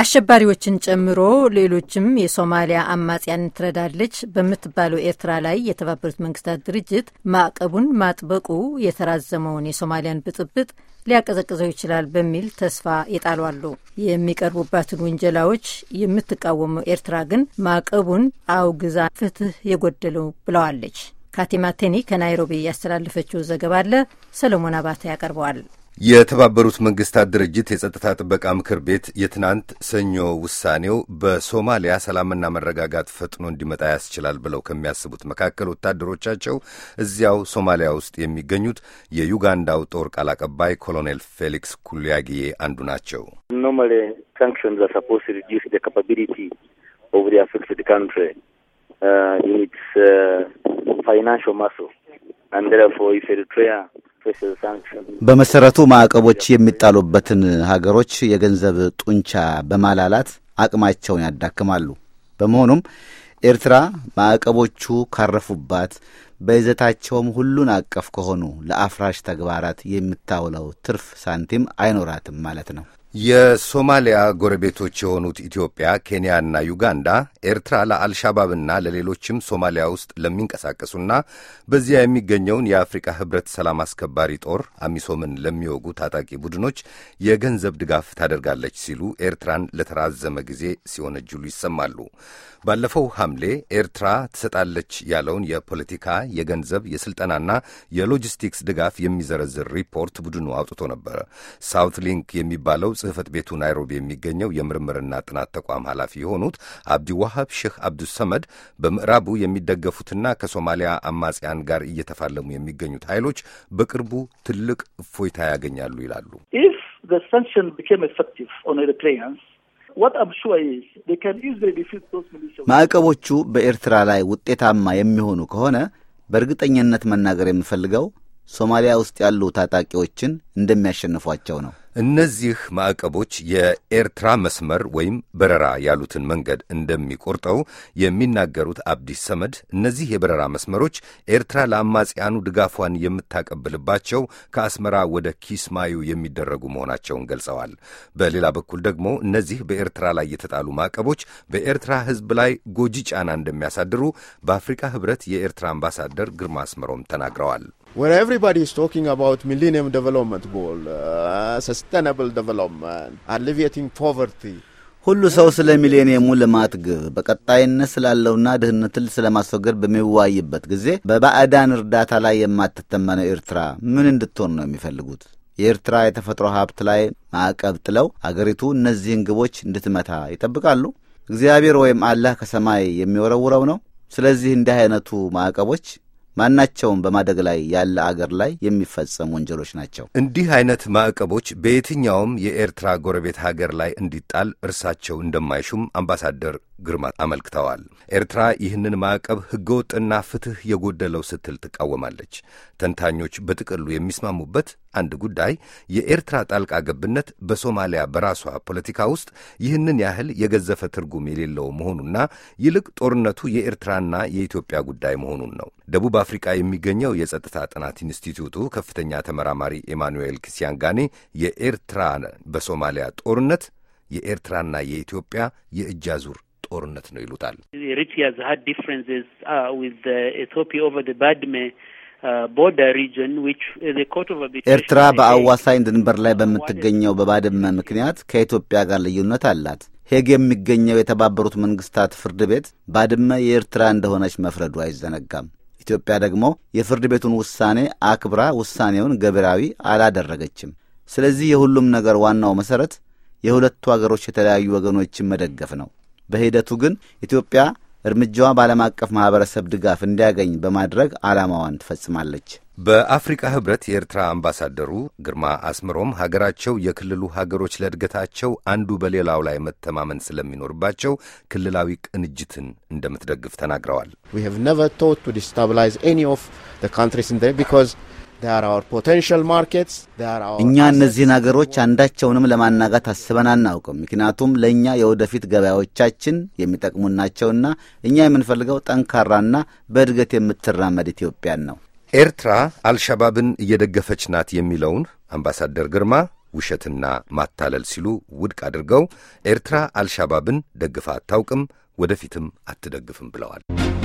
አሸባሪዎችን ጨምሮ ሌሎችም የሶማሊያ አማጽያን ትረዳለች በምትባለው ኤርትራ ላይ የተባበሩት መንግስታት ድርጅት ማዕቀቡን ማጥበቁ የተራዘመውን የሶማሊያን ብጥብጥ ሊያቀዘቅዘው ይችላል በሚል ተስፋ ይጣላሉ። የሚቀርቡባትን ውንጀላዎች የምትቃወመው ኤርትራ ግን ማዕቀቡን አውግዛ ፍትህ የጎደለው ብለዋለች። ካቲማቴኒ ከናይሮቢ ያስተላለፈችው ዘገባ አለ። ሰለሞን አባተ ያቀርበዋል። የተባበሩት መንግስታት ድርጅት የጸጥታ ጥበቃ ምክር ቤት የትናንት ሰኞ ውሳኔው በሶማሊያ ሰላምና መረጋጋት ፈጥኖ እንዲመጣ ያስችላል ብለው ከሚያስቡት መካከል ወታደሮቻቸው እዚያው ሶማሊያ ውስጥ የሚገኙት የዩጋንዳው ጦር ቃል አቀባይ ኮሎኔል ፌሊክስ ኩሊያጊዬ አንዱ ናቸው። በመሰረቱ ማዕቀቦች የሚጣሉበትን ሀገሮች የገንዘብ ጡንቻ በማላላት አቅማቸውን ያዳክማሉ። በመሆኑም ኤርትራ ማዕቀቦቹ ካረፉባት በይዘታቸውም ሁሉን አቀፍ ከሆኑ ለአፍራሽ ተግባራት የምታውለው ትርፍ ሳንቲም አይኖራትም ማለት ነው። የሶማሊያ ጎረቤቶች የሆኑት ኢትዮጵያ፣ ኬንያና ዩጋንዳ ኤርትራ ለአልሻባብና ለሌሎችም ሶማሊያ ውስጥ ለሚንቀሳቀሱና በዚያ የሚገኘውን የአፍሪካ ሕብረት ሰላም አስከባሪ ጦር አሚሶምን ለሚወጉ ታጣቂ ቡድኖች የገንዘብ ድጋፍ ታደርጋለች ሲሉ ኤርትራን ለተራዘመ ጊዜ ሲወነጅሉ ይሰማሉ። ባለፈው ሐምሌ ኤርትራ ትሰጣለች ያለውን የፖለቲካ የገንዘብ፣ የስልጠናና የሎጂስቲክስ ድጋፍ የሚዘረዝር ሪፖርት ቡድኑ አውጥቶ ነበር። ሳውት ሊንክ የሚባለው ጽህፈት ቤቱ ናይሮቢ የሚገኘው የምርምርና ጥናት ተቋም ኃላፊ የሆኑት አብዲዋሃብ ሼህ አብዱሰመድ በምዕራቡ የሚደገፉትና ከሶማሊያ አማጽያን ጋር እየተፋለሙ የሚገኙት ኃይሎች በቅርቡ ትልቅ እፎይታ ያገኛሉ ይላሉ። ማዕቀቦቹ በኤርትራ ላይ ውጤታማ የሚሆኑ ከሆነ በእርግጠኝነት መናገር የምፈልገው ሶማሊያ ውስጥ ያሉ ታጣቂዎችን እንደሚያሸንፏቸው ነው። እነዚህ ማዕቀቦች የኤርትራ መስመር ወይም በረራ ያሉትን መንገድ እንደሚቆርጠው የሚናገሩት አብዲስ ሰመድ እነዚህ የበረራ መስመሮች ኤርትራ ለአማጽያኑ ድጋፏን የምታቀብልባቸው ከአስመራ ወደ ኪስማዩ የሚደረጉ መሆናቸውን ገልጸዋል። በሌላ በኩል ደግሞ እነዚህ በኤርትራ ላይ የተጣሉ ማዕቀቦች በኤርትራ ሕዝብ ላይ ጎጂ ጫና እንደሚያሳድሩ በአፍሪካ ሕብረት የኤርትራ አምባሳደር ግርማ አስመሮም ተናግረዋል። where everybody is talking about Millennium Development Goal, uh, sustainable development, alleviating poverty. ሁሉ ሰው ስለ ሚሌኒየሙ ልማት ግብ በቀጣይነት ስላለውና ድህነትን ስለማስወገድ በሚወያይበት ጊዜ በባዕዳን እርዳታ ላይ የማትተመነው ኤርትራ ምን እንድትሆን ነው የሚፈልጉት? የኤርትራ የተፈጥሮ ሀብት ላይ ማዕቀብ ጥለው አገሪቱ እነዚህን ግቦች እንድትመታ ይጠብቃሉ? እግዚአብሔር ወይም አላህ ከሰማይ የሚወረውረው ነው። ስለዚህ እንዲህ አይነቱ ማዕቀቦች ማናቸውም በማደግ ላይ ያለ አገር ላይ የሚፈጸሙ ወንጀሎች ናቸው። እንዲህ አይነት ማዕቀቦች በየትኛውም የኤርትራ ጎረቤት ሀገር ላይ እንዲጣል እርሳቸው እንደማይሹም አምባሳደር ግርማ አመልክተዋል። ኤርትራ ይህንን ማዕቀብ ሕገወጥና ፍትሕ የጎደለው ስትል ትቃወማለች። ተንታኞች በጥቅሉ የሚስማሙበት አንድ ጉዳይ የኤርትራ ጣልቃ ገብነት በሶማሊያ በራሷ ፖለቲካ ውስጥ ይህንን ያህል የገዘፈ ትርጉም የሌለው መሆኑና ይልቅ ጦርነቱ የኤርትራና የኢትዮጵያ ጉዳይ መሆኑን ነው። ደቡብ አፍሪካ የሚገኘው የጸጥታ ጥናት ኢንስቲትዩቱ ከፍተኛ ተመራማሪ ኤማኑኤል ኪሲያንጋኔ የኤርትራ በሶማሊያ ጦርነት የኤርትራና የኢትዮጵያ የእጅ አዙር ጦርነት ነው ይሉታል። Uh, ኤርትራ በአዋሳኝ ድንበር ላይ በምትገኘው በባድመ ምክንያት ከኢትዮጵያ ጋር ልዩነት አላት። ሄግ የሚገኘው የተባበሩት መንግስታት ፍርድ ቤት ባድመ የኤርትራ እንደሆነች መፍረዱ አይዘነጋም። ኢትዮጵያ ደግሞ የፍርድ ቤቱን ውሳኔ አክብራ ውሳኔውን ገቢራዊ አላደረገችም። ስለዚህ የሁሉም ነገር ዋናው መሰረት የሁለቱ አገሮች የተለያዩ ወገኖችን መደገፍ ነው። በሂደቱ ግን ኢትዮጵያ እርምጃዋ በዓለም አቀፍ ማህበረሰብ ድጋፍ እንዲያገኝ በማድረግ ዓላማዋን ትፈጽማለች። በአፍሪካ ህብረት የኤርትራ አምባሳደሩ ግርማ አስምሮም ሀገራቸው የክልሉ ሀገሮች ለእድገታቸው አንዱ በሌላው ላይ መተማመን ስለሚኖርባቸው ክልላዊ ቅንጅትን እንደምትደግፍ ተናግረዋል። እኛ እነዚህን አገሮች አንዳቸውንም ለማናጋት አስበን አናውቅም። ምክንያቱም ለእኛ የወደፊት ገበያዎቻችን የሚጠቅሙን ናቸውና እኛ የምንፈልገው ጠንካራና በእድገት የምትራመድ ኢትዮጵያን ነው። ኤርትራ አልሻባብን እየደገፈች ናት የሚለውን አምባሳደር ግርማ ውሸትና ማታለል ሲሉ ውድቅ አድርገው ኤርትራ አልሻባብን ደግፋ አታውቅም፣ ወደፊትም አትደግፍም ብለዋል።